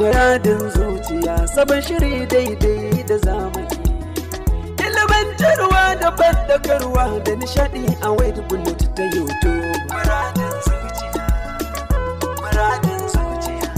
Muradin zuciya sabon shiri daidai da zamani. Ilimantarwa da bandakarwa da nishadi a wade bullet ta YouTube. Muradin zuciya, muradin zuciya.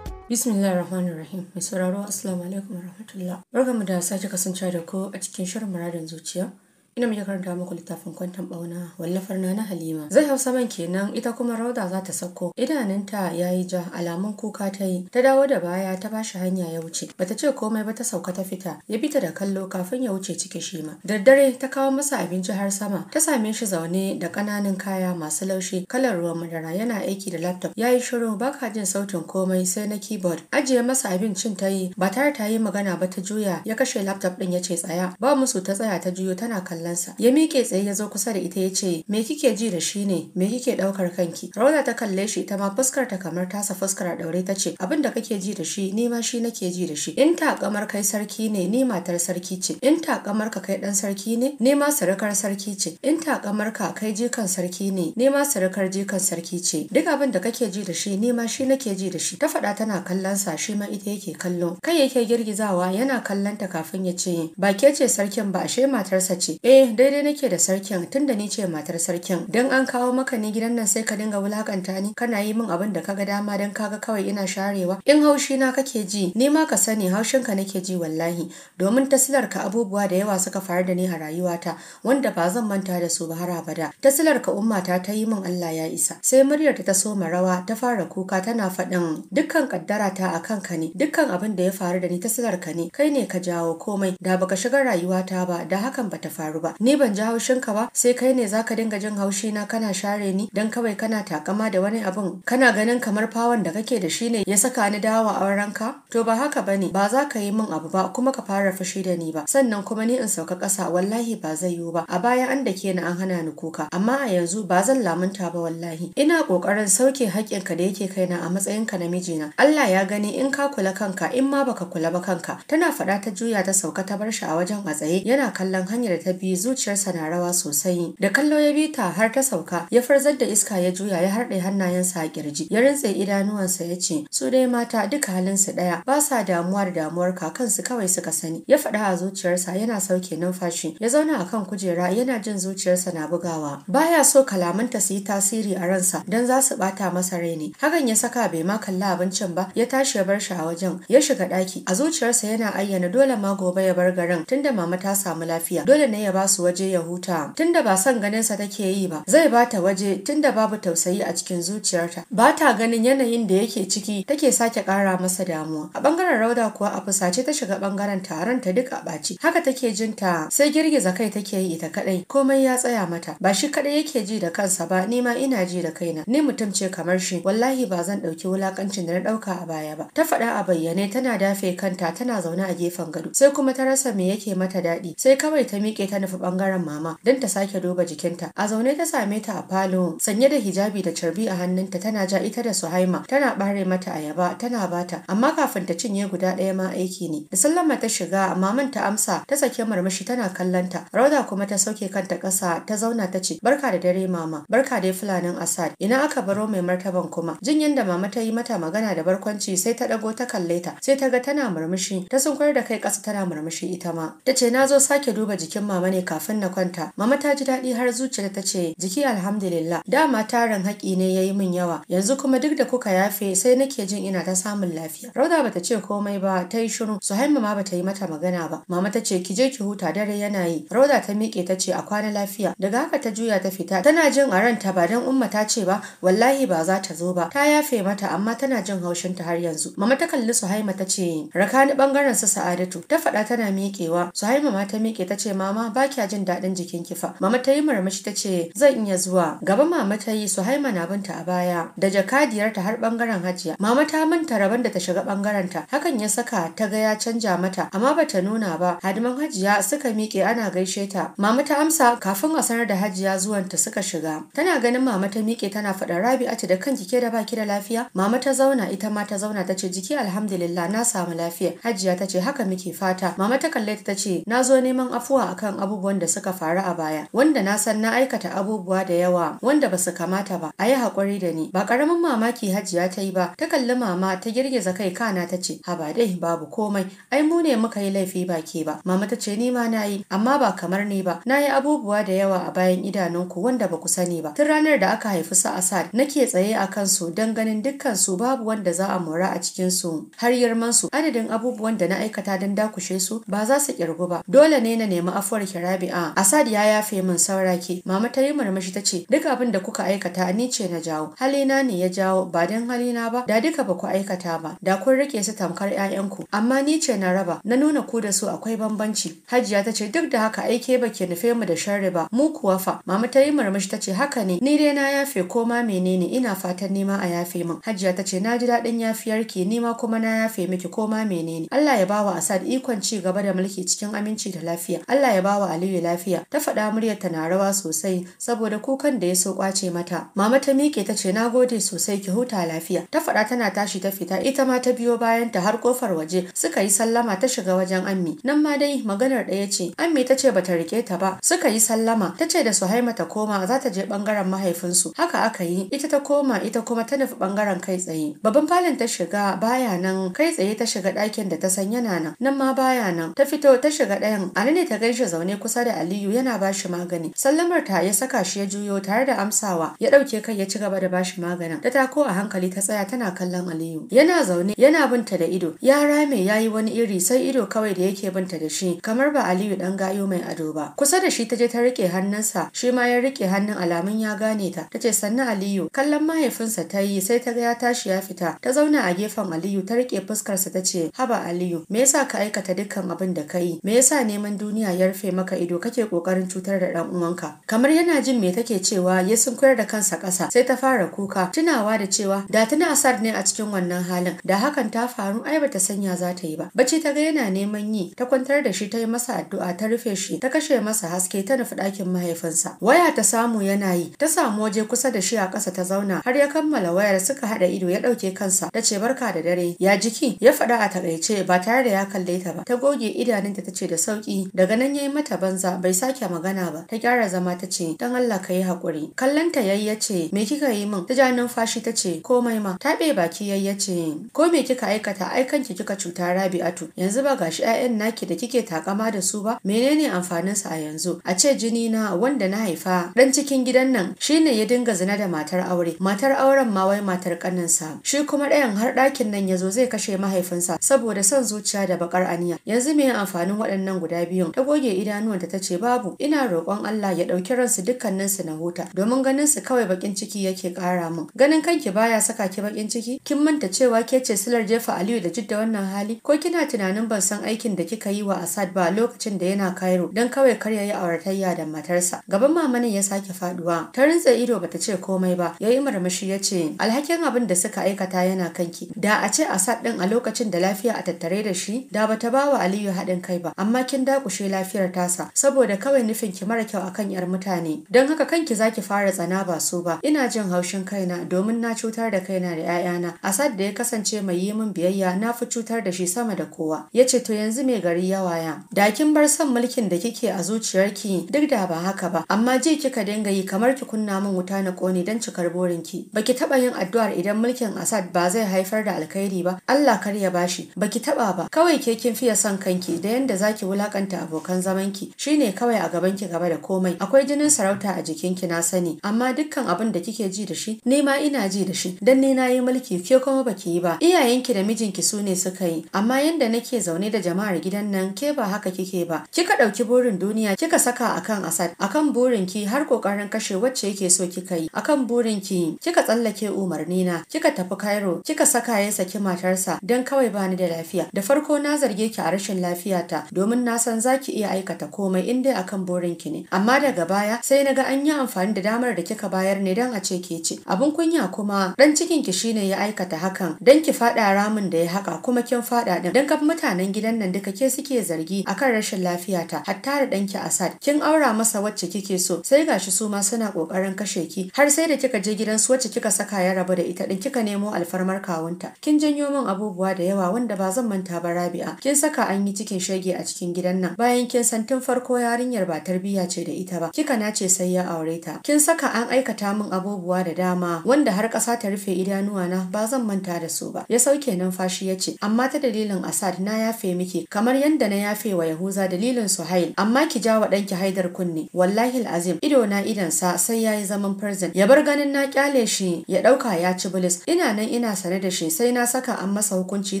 Bismillah ar-Rahman rahim Mai sauraro Assalamu alaikum wa rahmatullah. Barkamu da sake kasancewa da ko a cikin shirin muradin zuciya. ina mai karanta muku littafin kwantan bauna wallafar na na halima zai hausa man kenan ita kuma rauda za ta sako idanunta ya yi ja alamun kuka ta yi ta dawo da baya ta bashi hanya ya wuce bata ce komai ba ta sauka ta fita ya bi ta da kallo kafin ya wuce ciki shi ma daddare ta kawo masa abinci har sama ta same shi zaune da ƙananan kaya masu laushi kalar ruwan madara yana aiki da laptop ya yi shiru Ba ka jin sautin komai sai na keyboard ajiye masa abincin ta yi ba tare ta yi magana ba ta juya ya kashe laptop din ya ce tsaya ba musu ta tsaya ta juyo tana kallon kallonsa ya miƙe tsaye ya zo kusa da ita ya ce me kike ji da shi ne me kike ɗaukar kanki rauna ta kalle shi ita ma fuskar ta kamar tasa fuskar a ɗaure ta ce abin da kake ji da shi ni ma shi nake ji da shi in takamar kai sarki ne ni matar sarki ce in takamar ka kai ɗan sarki ne ni ma surukar sarki ce in takamar ka kai jikan sarki ne ni ma surukar jikan sarki ce duk abin da kake ji da shi ni ma shi nake ji da shi ta faɗa tana kallon sa shi ma ita yake kallo kai yake girgizawa yana kallon ta kafin ya ce ba ke ce sarkin ba ashe matarsa ce eh eh daidai nake da sarkin tunda ni ce matar sarkin dan an kawo maka ne gidan nan sai ka dinga wulakanta ni kana yi min abin da kaga dama dan kaga kawai ina sharewa in haushi na kake ji ni ma ka sani haushin ka nake ji wallahi domin tasilar ka abubuwa da yawa suka faru da ni a rayuwata wanda ba zan manta da su ba har abada tasilar ka umma ta yi min Allah ya isa sai muryar ta so rawa ta fara kuka tana faɗin dukkan kaddara ta akan ka ne dukkan abin da ya faru da ni tasilar ka ne kai ne ka jawo komai da baka shiga rayuwata ba da hakan bata faru ba ba ni ban ji haushin ka ba sai kai ne zaka dinga jin haushi na kana share ni dan kawai kana takama da wani abun kana ganin kamar fawon da kake da shi ne ya saka ni dawowa auren ka to ba haka bane ba za ka yi min abu ba kuma ka fara fushi da ni ba sannan kuma ni in sauka ƙasa wallahi ba zai yiwu ba a baya an da ke ni an hana ni kuka amma a yanzu ba zan lamunta ba wallahi ina ƙoƙarin sauke haƙƙinka da yake kaina a matsayinka na mijina Allah ya gani in ka kula kanka in ma baka kula ba kanka tana faɗa ta juya ta sauka ta bar shi a wajen a yana kallon hanyar ta biyu bi zuciyarsa na rawa sosai da kallo ya bi ta har ta sauka ya farzar da iska ya juya ya harɗe hannayensa a kirji ya rintse idanuwansa ya ce su dai mata duka halinsu ɗaya ba sa damuwa da damuwar kakansu kawai suka sani ya faɗa a zuciyarsa yana sauke numfashi ya zauna a kan kujera yana jin zuciyarsa na bugawa baya so kalamanta su yi tasiri a ransa don za su ɓata masa rai ne hakan ya saka bai ma kalla abincin ba ya tashi ya bar shi a wajen ya shiga ɗaki a zuciyarsa yana ayyana dole ma gobe ya bar garin tunda mama ta samu lafiya dole ne ya ba su waje ya huta tunda ba son sa take yi ba zai ba ta waje tunda babu tausayi a cikin zuciyarta ba ta ganin yanayin da yake ciki take sake ƙara masa damuwa a bangaren rauda kuwa a fusace ta shiga bangaren taron ta duk a haka take jin ta sai girgiza kai take yi ita kadai. komai ya tsaya mata ba shi kaɗai yake ji da kansa ba ni ma ina ji da kaina ni mutum ce kamar shi wallahi ba zan ɗauki wulakancin da na ɗauka a baya ba ta faɗa a bayyane tana dafe kanta tana zaune a gefen gado sai kuma ta rasa me yake mata daɗi sai kawai ta miƙe ta nufi bangaren mama don ta sake duba jikinta. A zaune ta same ta a falo sanye da hijabi da carbi a hannunta tana ja ita da Suhaima tana bare mata ayaba tana bata amma kafin ta cinye guda ɗaya ma aiki ne. Da sallama ta shiga maman ta amsa ta sake murmushi tana kallanta. Rauda kuma ta sauke kanta ƙasa ta zauna ta ce barka da dare mama barka dai fulanin Asad ina aka baro mai martaban kuma. Jin yadda mama ta yi mata magana da barkwanci sai ta ɗago ta kalle ta sai ta ga tana murmushi ta sunkar da kai ƙasa tana murmushi ita ma. Ta ce na zo sake duba jikin mama ne ne kafin na kwanta mama ta ji daɗi har zuciyar ta ce jiki alhamdulillah dama tarin haƙi ne ya yi min yawa yanzu kuma duk da kuka yafe sai nake jin ina ta samun lafiya rauda bata ce komai ba ta yi shiru suhaima ma bata yi mata magana ba mama ta ce ki je ki huta dare yana yi rauda ta miƙe ta ce a kwana lafiya daga haka ta juya ta fita tana jin a ta ba dan umma ta ce ba wallahi ba za ta zo ba ta yafe mata amma tana jin haushin ta har yanzu mama ta kalli suhaima ta ce raka ni bangaren su sa'adatu ta faɗa tana miƙewa suhaima ma ta miƙe ta ce mama ba sake jin daɗin ki fa mama ta yi murmushi ta ce zan iya zuwa gaba mama ta yi su haima na binta a baya da jakadiyar ta har bangaren hajiya mama ta manta raban da ta shiga bangaren ta hakan ya saka ta ga ya canja mata amma ba ta nuna ba hadiman hajiya suka miƙe ana gaishe ta mama ta amsa kafin a sanar da hajiya zuwan ta suka shiga tana ganin mama ta miƙe tana faɗa ce da kanki ke da baki da lafiya mama ta zauna ita ma ta zauna ta ce jiki alhamdulillah na samu lafiya hajiya ta ce haka muke fata mama ta kalle ta ce na zo neman afuwa akan abubuwa abubuwan da suka faru a baya wanda na san na aikata abubuwa da yawa wanda basu kamata ba a yi hakuri da ni ba ƙaramin mamaki hajiya ta yi ba ta kalli mama ta girgiza kai kana ta ce haba dai babu komai ai mu ne muka yi laifi ba ke ba mama ta ce ni ma na yi amma ba kamar ni ba na yi abubuwa da yawa a bayan idanunku wanda ba ku sani ba tun ranar da aka haifi su Asad nake tsaye a kansu don ganin dukkan su babu wanda za a mora a cikin su har girman su adadin abubuwan da na aikata don dakushe su ba za su kirgu ba dole ne na nemi afuwar Rabi'a Asad ya yafe min saurake mama ta yi murmushi ta duk abin da kuka aikata ni ce na jawo halina ne ya jawo ba don halina ba da duka ba ku aikata ba da kun rike su tamkar 'ya'yanku amma ni ce na raba na nuna ku da su akwai bambanci Hajiya tace duk da haka aike ba ke nufe mu da sharri ba mu kuwa fa mama ta yi murmushi ta ce haka ne ni dai na yafe ko ma menene ina fatan nima a yafe min Hajiya tace ce na ji daɗin yafiyarki nima kuma na yafe miki ko ma menene Allah ya bawa Asad ikon ci gaba da mulki cikin aminci da lafiya Allah ya bawa Aliyu lafiya ta faɗa muryar ta na rawa sosai saboda kukan da ya so kwace mata mama ta miƙe ta ce nagode sosai ki huta lafiya ta faɗa tana tashi ta fita ita ma ta biyo bayan ta har kofar waje suka yi sallama ta shiga wajen Ammi nan ma dai maganar ɗaya ce Ammi ta ce bata rike ta ba suka yi sallama ta ce da Suhaima ta koma za ta je bangaren mahaifinsu haka aka yi ita ta koma ita kuma ta nufi bangaren kai tsaye babban falon ta shiga baya nan kai tsaye ta shiga ɗakin da ta san yana nan nan ma baya nan ta fito ta shiga ɗayan Ali ne ta gaishe zaune ku kusa da Aliyu yana bashi magani. Sallamar ta ya saka shi ya juyo tare da amsawa ya ɗauke kai ya ci gaba da bashi maganin. Ta tako a hankali ta tsaya tana kallon Aliyu. Yana zaune yana binta da ido. Ya rame ya yi wani iri sai ido kawai da yake binta da shi kamar ba Aliyu ɗan gayo mai ado ba. Kusa da shi ta je ta rike hannunsa shi ma ya rike hannun alamun ya gane ta. Ta ce sannan Aliyu kallon mahaifinsa ta yi sai ta ga ya tashi ya fita. Ta zauna a gefen Aliyu ta rike fuskarsa ta ce haba Aliyu me yasa ka aikata dukkan abin da ka yi me yasa neman duniya ya rufe maka maka ido kake kokarin cutar da dan uwanka kamar yana jin me take cewa ya sunkuyar da kansa kasa sai ta fara kuka tunawa da cewa da tuna asar ne a cikin wannan halin da hakan ta faru ai bata sanya za ta yi ba bacci ta ga yana neman yi ta kwantar da shi ta yi masa addu'a ta rufe shi ta kashe masa haske ta nufi ɗakin mahaifinsa waya ta samu yana yi ta samu waje kusa da shi a ƙasa ta zauna har ya kammala wayar suka haɗa ido ya ɗauke kansa ta ce barka da dare ya jiki ya faɗa a taƙaice ba tare da ya kalle ta ba ta goge idanunta ta ce da sauƙi daga nan ya yi mata banza bai sake magana ba ta gyara zama ta ce dan Allah ka yi haƙuri kallanta yayi ya ce me kika yi min ta ja numfashi ta ce komai ma taɓe baki yayi ce ko me kika aikata ai kanki kika cuta Rabi'atu yanzu ba gashi 'ya'yan naki da kike takama da su ba menene amfanin sa a yanzu a ce jini na wanda na haifa dan cikin gidan nan shine ya dinga zina da matar aure matar auren ma wai matar kaninsa shi kuma ɗayan har ɗakin nan ya zo zai kashe mahaifinsa saboda son zuciya da bakar aniya yanzu me amfanin waɗannan guda biyun ta goge idanu idanuwanta ta ce babu ina roƙon Allah ya ɗauki ransu su na huta domin ganin su kawai bakin ciki yake ƙara min ganin kanki baya saka ki bakin ciki kin manta cewa ke ce silar jefa Aliyu da jidda wannan hali ko kina tunanin ban san aikin da kika yi wa Asad ba lokacin da yana Cairo dan kawai kar yayi auratayya da matarsa gaban mamanin ya sake faduwa ta rintsa ido bata ce komai ba yayi murmushi ya ce alhakin abin da suka aikata yana kanki da a ce Asad din a lokacin da lafiya a tattare da shi da bata wa Aliyu haɗin kai ba amma kin dakushe lafiyar tasa saboda kawai nufin ki mara kyau akan yar mutane don haka kanki zaki fara tsana ba su ba ina jin haushin kaina domin na cutar da kaina da 'ya'yana Asad da ya kasance mai yi min biyayya na fi cutar da shi sama da kowa ya ce to yanzu mai gari ya waya da kin bar son mulkin da kike a zuciyarki duk da ba haka ba amma je kika dinga yi kamar ki kunna min wuta na kone don cikar burinki baki taɓa yin addu'ar idan mulkin Asad ba zai haifar da alkhairi ba Allah kar ya bashi baki taɓa ba kawai ke kin fiye son kanki da yanda zaki wulakanta abokan zamanki Shi ne kawai a gaban ki gaba da komai akwai jinin sarauta a jikin ki na sani amma dukkan abin da kike ji da shi ni ma ina ji da shi dan ni na yi mulki ke kuma baki yi ba Iyayen ki da mijinki sune sune suka yi amma yanda nake zaune da jama'ar gidan nan ke ba haka kike ba kika ɗauki burin duniya kika saka akan asad akan burin ki har kokarin kashe wacce yake so kika yi akan burin ki kika tsallake umarni na kika tafi Cairo kika saka ya saki matarsa dan kawai bani da lafiya da farko na zarge ki a rashin lafiyata domin na san zaki iya aikata komai in dai akan borin ki ne amma daga baya sai naga an yi amfani da damar da kika bayar ne dan a ce ke ce abun kunya kuma dan cikin ki shine ya aikata hakan dan ki fada ramin da ya haka kuma kin fada din dan kaf mutanen gidan nan duka ke suke zargi akan rashin lafiya ta hatta da ki Asad kin aura masa wacce kike so sai gashi su ma suna kokarin kashe ki har sai da kika je gidan su wacce kika saka ya rabu da ita din kika nemo alfarmar kawunta kin janyo min abubuwa da yawa wanda ba zan manta ba Rabi'a kin saka an yi cikin shege a cikin gidan nan bayan kin san tun farko yarinyar ba tarbiyya ce da ita ba kika nace sai ya aure ta kin saka an aikata min abubuwa da dama wanda har ƙasa ta rufe idanuwa na ba zan manta da su ba ya sauke numfashi ya ce amma ta dalilin Asad na yafe miki kamar yadda na yafe wa Yahuza dalilin Suhail amma ki ja wa ɗanki haidar kunne wallahi azim ido na idan sa sai yayi zaman prison ya bar ganin na kyale shi ya ɗauka ya ci bilis ina nan ina sane da shi sai na saka an masa hukunci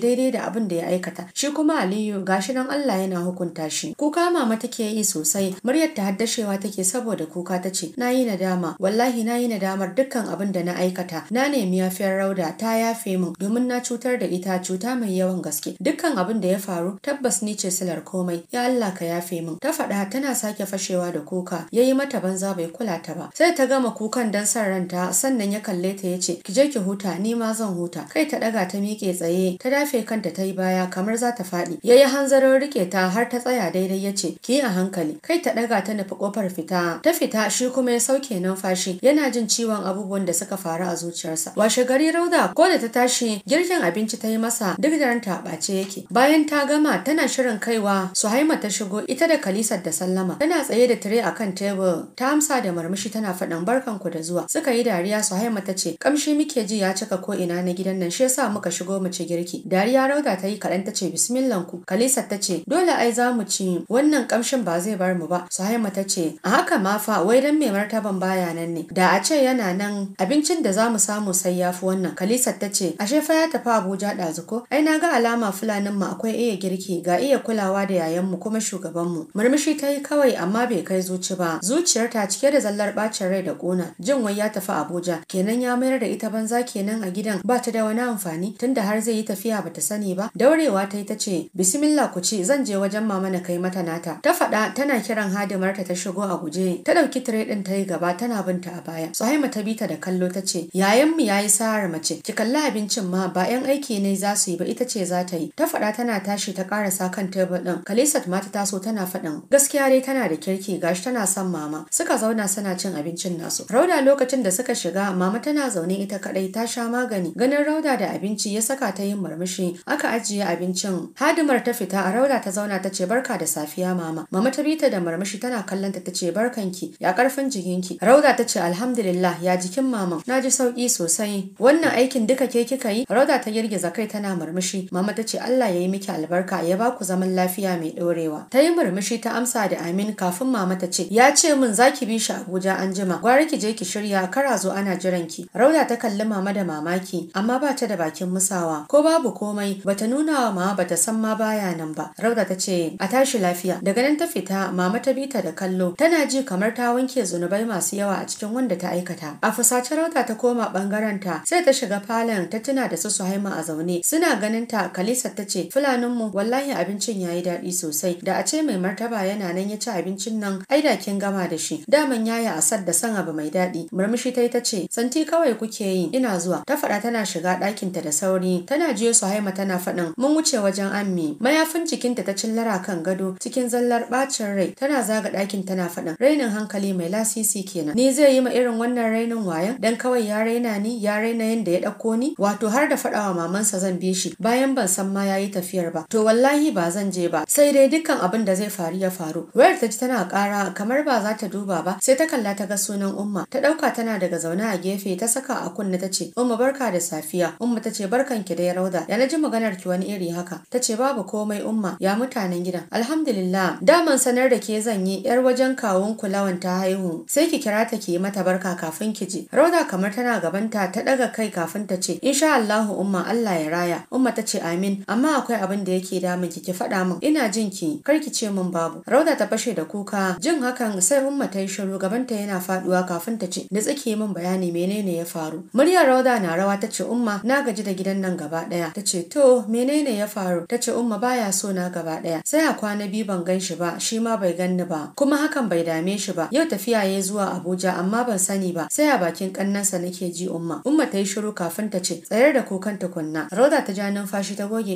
daidai da abin da ya aikata shi kuma Aliyu gashi nan Allah yana hukunta shi kuka mama take take yi sosai muryar ta haddashewa take saboda kuka ta ce na yi nadama wallahi na yi nadamar dukkan abin da na aikata na nemi yafiyar rauda ta yafe min domin na cutar da ita cuta mai yawan gaske dukkan abin da ya faru tabbas ni ce silar komai ya Allah ka yafe min ta faɗa tana sake fashewa da kuka yayi mata banza bai kula ta ba sai ta gama kukan dan san ranta sannan ya kalle ta ya ce ki je ki huta ni ma zan huta kai ta ɗaga ta miƙe tsaye ta dafe kanta ta yi baya kamar za ta faɗi yayi yi hanzarin rike ta har ta tsaya daidai yace ki a hankali kai ta ɗaga ta nufi kofar fita ta fita shi kuma ya sauke numfashi yana jin ciwon abubuwan da suka faru a zuciyarsa washe gari rauda ko da ta tashi girkin abinci ta yi masa duk da ranta bace yake bayan ta gama tana shirin kaiwa suhaima ta shigo ita da kalisar da sallama tana tsaye da tire a kan tebur ta amsa da murmushi tana faɗin ku da zuwa suka yi dariya suhaima ta ce kamshi muke ji ya cika ko ina na gidan nan shi yasa muka shigo mu ci girki dariya rauda ta yi kaɗan ta ce ku?" kalisar ta ce dole ai za mu ci wannan kamshi haushin ba zai bar mu ba Suhaima ta ce a haka ma fa wai dan mai martaban baya nan ne da a ce yana nan abincin da zamu samu sai ya fi wannan Khalisat ta ce ashe fa ya tafi Abuja ɗazuko ai na ga alama fulanin mu akwai iya girki ga iya kulawa da yayan mu kuma shugaban mu murmushi ta yi kawai amma bai kai zuci ba zuciyar ta cike da zallar bacin rai da kona jin wai ya tafi Abuja kenan ya mayar da ita banza kenan a gidan ba ta da wani amfani tunda har zai yi tafiya bata sani ba daurewa ta yi ta ce bismillah ku ci zan je wajen mama na kai mata nata ta faɗa tana kiran hadimarta ta shigo a guje ta ɗauki tire ɗin ta yi gaba tana binta a baya Suhaima ta bi ta da kallo ta ce yayan mu yayi sa'ar mace ki kalli abincin ma ba yan aiki ne za su yi ba ita ce za ta yi ta faɗa tana tashi ta ƙarasa kan tebur ɗin kalisat ma ta taso tana faɗin gaskiya dai tana da kirki gashi tana son mama suka zauna suna cin abincin nasu Rauda lokacin da suka shiga mama tana zaune ita kaɗai ta sha magani ganin Rauda da abinci ya saka ta yin murmushi aka ajiye abincin hadimar ta fita a Rauda ta zauna ta ce barka da safiya mama Mama ta bi ta da marmashi tana kallon ta tace barkanki ya karfin jikinki. Rauda ta ce alhamdulillah ya jikin mama. Na ji sauki sosai. Wannan aikin duka ke kika yi? Rauda ta girgiza kai tana murmushi. Mama ta ce Allah ya yi miki albarka ya ba ku zaman lafiya mai ɗorewa. Ta yi murmushi ta amsa da amin kafin mama ta ce ya ce min za bi shi Abuja an jima. Gwara ki je ki shirya kara zo ana jiran ki. Rauda ta kalli mama da mamaki amma ba ta da bakin musawa. Ko babu komai bata nuna wa mama bata san ma baya nan ba. Rauda ta ce a tashi lafiya. Daga nan ta fita, mama ta bi ta da kallo, tana ji kamar ta wanke zunubai masu yawa a cikin wanda ta aikata. A fusace rauta ta koma bangaren ta, sai ta shiga falon ta tuna da su Suhaima a zaune. Suna ganin ta, Kalisa ta ce, "Fulanin mu wallahi abincin yayi daɗi sosai. Da a ce mai martaba yana nan ya ci abincin nan, ai da kin gama da shi." Daman yayi asar da san abu mai daɗi. Murmushi ta yi ta ce, "Santi kawai kuke yi, ina zuwa." Ta faɗa tana shiga ɗakinta da sauri, tana jiyo Suhaima tana faɗin, "Mun wuce wajen ammi." Mayafin cikinta ta cillara kan gado cikin zallar ɓacin rai tana zaga ɗakin tana faɗin rainin hankali mai lasisi kenan ni zai yi ma irin wannan rainin wayan dan kawai ya raina ni ya raina yanda ya ɗauko ni wato har da faɗawa mamansa zan bi shi bayan ban san ma yayi tafiyar ba to wallahi ba zan je ba sai dai dukkan abin da zai faru ya faru wayar ta tana ƙara kamar ba za ta duba ba sai ta kalla ta ga sunan umma ta ɗauka tana daga zaune a gefe ta saka a kunna ta ce umma barka da safiya umma ta ce barkan ki da ya rauda ya na ji maganar ki wani iri haka ta ce babu komai umma ya mutanen gidan alhamdulillah da Daman sanar da ke zan yi yar wajen kawun kulawan ta haihu sai ki kira ta ki mata barka kafin ki je. Rauda kamar tana gabanta ta daga kai kafin ta ce insha Allahu umma Allah ya raya. Umma ta ce amin amma akwai abin da yake damun ki ki faɗa min ina jin ki kar ki ce min babu. Rauda ta fashe da kuka jin hakan sai umma ta yi shiru gabanta yana faduwa kafin ta ce da tsaki min bayani menene ya faru. Muryar Rauda na rawa ta ce umma na gaji da gidan nan gaba daya ta ce to menene ya faru ta ce umma baya so na gaba daya sai a kwana biyu ban gan shi ba ba shi ma bai ganni ba kuma hakan bai dame shi ba yau tafiya ya zuwa Abuja amma ban sani ba sai a bakin kannansa nake ji umma umma ta yi shiru kafin ta ce tsayar da kukan tukunna Rauda ta ja numfashi ta goge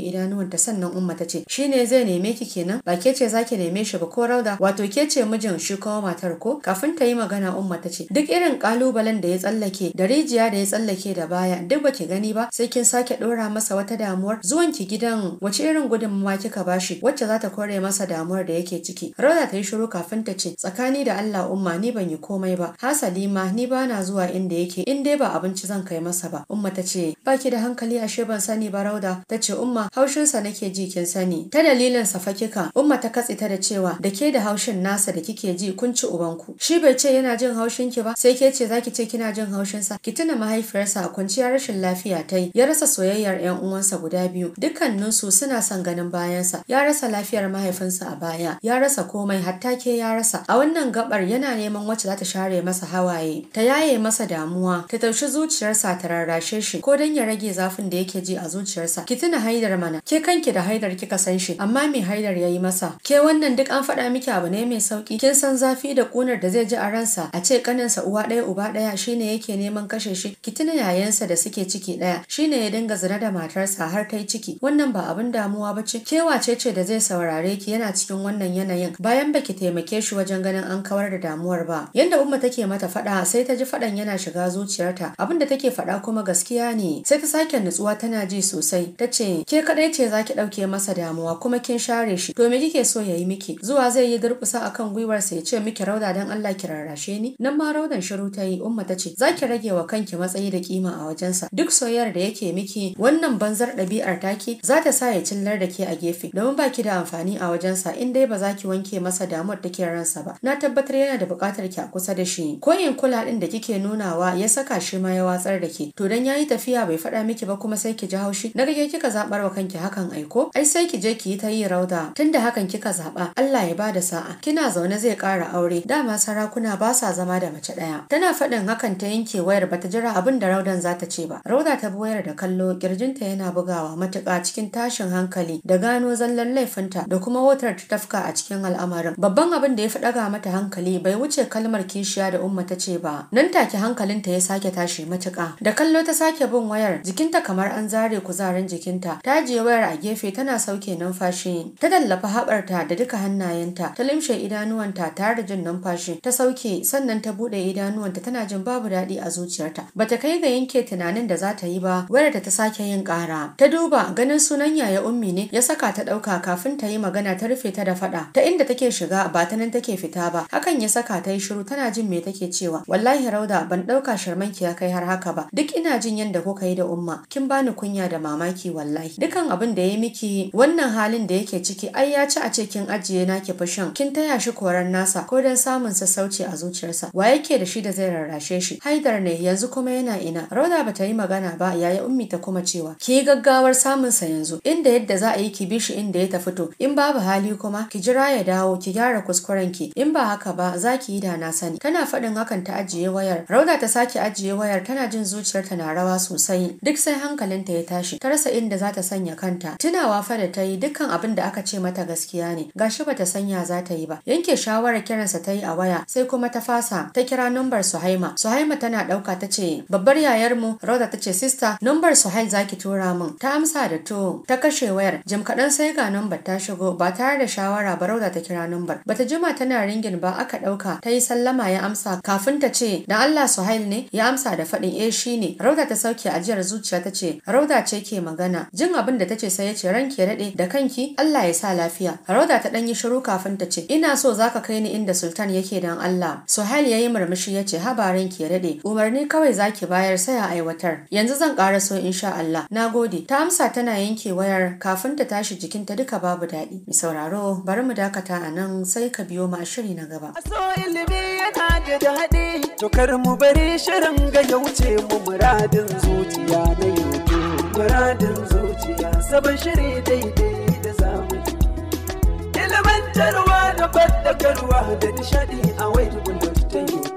ta sannan umma ta ce shine zai neme ki kenan ba ke ce zaki neme shi ba ko Rauda wato ke ce mijin shi kuma matar ko kafin ta yi magana umma ta ce duk irin kalubalen da ya tsallake da rijiya da ya tsallake da baya duk ba ki gani ba sai kin sake dora masa wata damuwar zuwan ki gidan wace irin gudunmawa kika bashi wacce za ta kore masa damuwar da yake nake ciki rauda ta yi shiru kafin ta ce tsakani da Allah umma ni ban yi komai ba hasali ma ni ba na zuwa inda yake in dai ba abinci zan kai masa ba umma ta ce baki da hankali ashe ban sani ba rauda ta ce umma haushinsa nake ji kin sani ta dalilin sa fakika umma ta katse ta da cewa da ke da haushin nasa da kike ji kun ci ubanku shi bai ce yana jin haushin ki ba sai ke ce zaki ce kina jin haushinsa? ki tuna mahaifiyarsa a kwanciyar rashin lafiya ta yi ya rasa soyayyar yan uwansa guda biyu dukkaninsu suna son ganin bayansa ya rasa lafiyar mahaifinsa a baya ya rasa komai hatta ke ya rasa a wannan gabar yana neman wacce za ta share masa hawaye ta yaye masa damuwa ta taushi zuciyarsa ta rarrashe shi ko dan ya rage zafin da yake ji a zuciyarsa ki tuna haidar mana ke kanki da haidar kika san shi amma me haidar yayi masa ke wannan duk an faɗa miki abu ne mai sauki kin san zafi da kunar da zai ji a ransa a ce kaninsa uwa ɗaya uba ɗaya shine yake neman kashe shi ki tuna yayansa da suke ciki ɗaya shine ya dinga zina da matarsa har ta yi ciki wannan ba abin damuwa ba ce kewace ce da zai saurare ki yana cikin wannan wannan yanayin bayan baki taimake shi wajen ganin an kawar da damuwar ba yanda umma take mata faɗa sai ta ji faɗan yana shiga zuciyarta abin da take faɗa kuma gaskiya ne sai ta sake nutsuwa tana ji sosai ta ce ke kadai ce zaki dauke ɗauke masa damuwa kuma kin share shi to me kike so ya yi miki zuwa zai yi durƙusa akan gwiwarsa ya ce miki rauda dan Allah ki rarrashe ni nan ma raudan shiru ta yi umma ta ce "Zaki rage wa kanki matsayi da kima a wajensa duk soyayyar da yake miki wannan banzar ɗabi'ar taki za ta sa ya cillar da a gefe domin ba da amfani a wajensa in dai ba za ki wanke masa damuwar da ke ransa ba na tabbatar yana da buƙatar ki a kusa da shi ko in kula ɗin da kike nunawa ya saka shi ma ya watsar da ke to dan yayi tafiya bai faɗa miki ba kuma sai ki ji haushi na rage kika zaɓar wa kanki hakan aiko ai sai ki je ki yi ta yi rauda tunda hakan kika zaɓa Allah ya bada sa'a kina zaune zai ƙara aure dama sarakuna ba sa zama da mace ɗaya tana faɗin hakan ta yanke wayar Ba ta jira abin da raudan za ta ce ba rauda ta bi wayar da kallo kirjinta yana bugawa matuƙa cikin tashin hankali da gano zallan laifinta da kuma wutar ta tafka a a cikin al'amarin babban abin da ya fi ɗaga mata hankali bai wuce kalmar kishiya da umma ta ce ba nan take hankalinta ya sake tashi matuƙa da kallo ta sake bin wayar jikinta kamar an zare kuzarin jikinta ta je wayar a gefe tana sauke numfashi ta tallafa haɓarta da duka hannayenta ta limshe idanuwanta tare da jin numfashi ta sauke sannan ta buɗe idanuwanta tana jin babu daɗi a zuciyarta bata kai ga yanke tunanin da za ta yi ba wayarta ta sake yin ƙara ta duba ganin sunan yaya ummi ne ya saka ta ɗauka kafin ta yi magana ta rufe ta da faɗa ta inda take shiga ba ta nan take fita ba hakan ya saka ta yi shiru tana jin me take cewa wallahi rauda ban ɗauka sharman ki ya kai har haka ba duk ina jin yadda kuka yi da umma kin bani kunya da mamaki wallahi dukan abin da ya miki wannan halin da yake ciki ai ya ci a ce kin ajiye na ki fashin kin taya shi koran nasa ko dan samun sassauci a zuciyarsa wa yake da shi da zai rarrashe shi haidar ne yanzu kuma yana ina rauda ba ta yi magana ba yaya ummi ta kuma cewa ki gaggawar samun sa yanzu inda yadda za a yi ki bi shi inda ya ta fito in babu hali kuma ki je jira ya dawo ki gyara kuskuren ki in ba haka ba za ki yi da na sani tana faɗin hakan ta ajiye wayar rauda ta sake ajiye wayar tana jin zuciyarta na rawa sosai duk sai hankalinta ya tashi ta rasa inda za ta sanya kanta tunawa fa da ta yi dukkan abin da aka ce mata gaskiya ne gashi ta sanya za ta yi ba yanke shawarar kiransa ta yi a waya sai kuma ta fasa ta kira nambar Suhaima Suhaima tana ɗauka ta ce babbar yayar mu Rauda ta ce sista numbar Suhail ki tura min ta amsa da to ta kashe wayar jim kaɗan sai ga nambar ta shigo ba tare da shawara Barauda ta kira numbar. Bata jima tana ringin ba aka ɗauka ta yi sallama ya amsa kafin ta ce da Allah Suhail ne ya amsa da faɗin eh shi ne. Rauda ta sauke ajiyar zuciya ta ce Rauda ce ke magana. Jin abin da ta ce sai ya ce ranke daɗe da kanki Allah ya sa lafiya. Rauda ta ɗan yi shiru kafin ta ce ina so zaka kai ni inda Sultan yake dan Allah. Suhail ya yi murmushi ya ce habarin ke daɗe umarni kawai zaki bayar sai a aiwatar. Yanzu zan ƙara so sha Allah. Na gode. Ta amsa tana yanke wayar kafin ta tashi jikinta duka babu daɗi. Mi sauraro bari mu mu dakata a nan sai ka biyo ma shiri na gaba. Aso ilimi yana da daɗi, tukar mu bari shirin ga ya wuce mu muradin zuciya na yanzu. Muradin zuciya sabon shiri daidai da zamu. Ilimantarwa da fadakarwa da nishaɗi a wai